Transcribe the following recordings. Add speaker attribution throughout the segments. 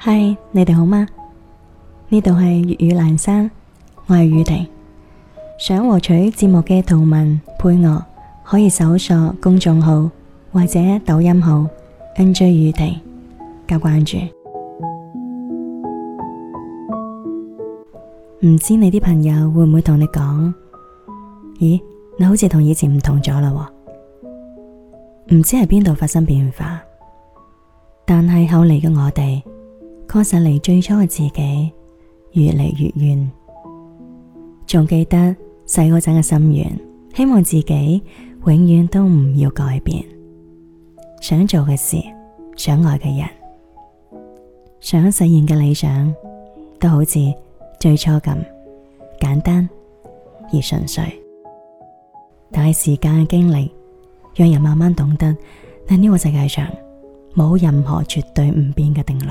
Speaker 1: 嗨，Hi, 你哋好嗎？呢度係粵語闌珊，我係宇婷。想獲取節目嘅圖文配樂，可以搜索公眾號或者抖音號 NJ 宇婷加關注。唔知你啲朋友會唔會同你講？咦，你好似同以前唔同咗喇喎，唔知喺邊度發生變化？但係後嚟嘅我哋，確實離最初嘅自己越嚟越遠，仲記得細嗰陣嘅心願，希望自己永遠都唔要改變，想做嘅事，想愛嘅人，想實現嘅理想，都好似最初咁簡單而純粹。但係時間嘅經歷，讓人慢慢懂得，喺呢個世界上冇任何絕對唔變嘅定律。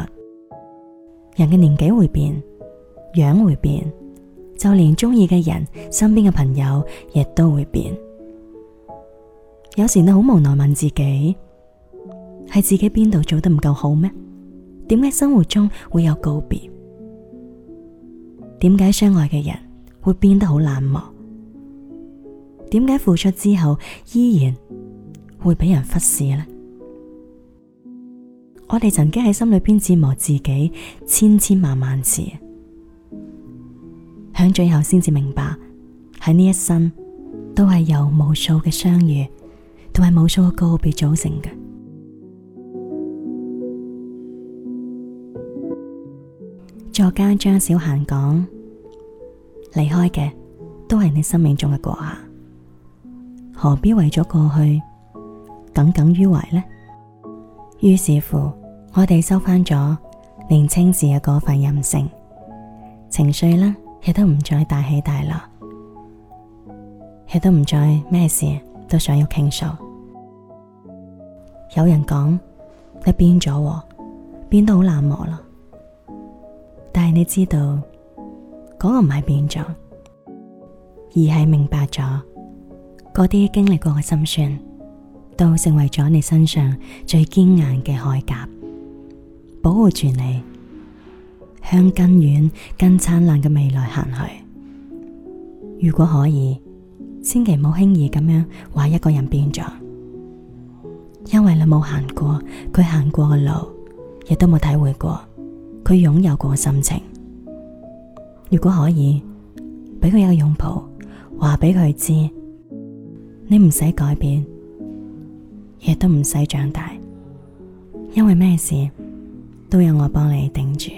Speaker 1: 人嘅年紀會變，樣會變，就連中意嘅人、身邊嘅朋友亦都會變。有時你好無奈問自己：係自己邊度做得唔夠好咩？點解生活中會有告別？點解相愛嘅人會變得好冷漠？點解付出之後依然會俾人忽視呢？我哋曾經喺心裏邊折磨自己千千萬萬次，響最後先至明白，喺呢一生都係由無數嘅相遇同埋無數嘅告別組成嘅。作家張小嫻講：離開嘅都係你生命中嘅過客，何必為咗過去耿耿於懷呢？於是乎，我哋收翻咗年青時嘅嗰份任性，情緒呢亦都唔再大起大落，亦都唔再咩事都想要傾訴。有人講，你變咗喎，變得好冷漠啦。但係你知道，嗰個唔係變咗，而係明白咗嗰啲經歷過嘅心酸都成為咗你身上最堅硬嘅鎧甲，保護住你向更遠、更燦爛嘅未來行去。如果可以，千祈冇輕易咁樣話一個人變咗，因為你冇行過佢行過嘅路，亦都冇體會過佢擁有過嘅心情。如果可以，俾佢一個擁抱，話俾佢知，你唔使改變。亦都唔使長大，因為咩事都有我幫你頂住。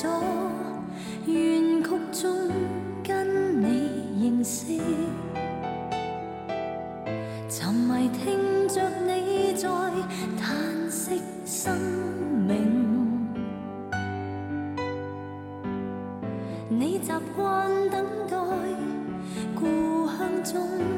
Speaker 2: 在怨曲中跟你認識，沉迷聽着你在嘆息生命，你習慣等待故鄉中。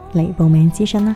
Speaker 1: 嚟報名諮詢啦！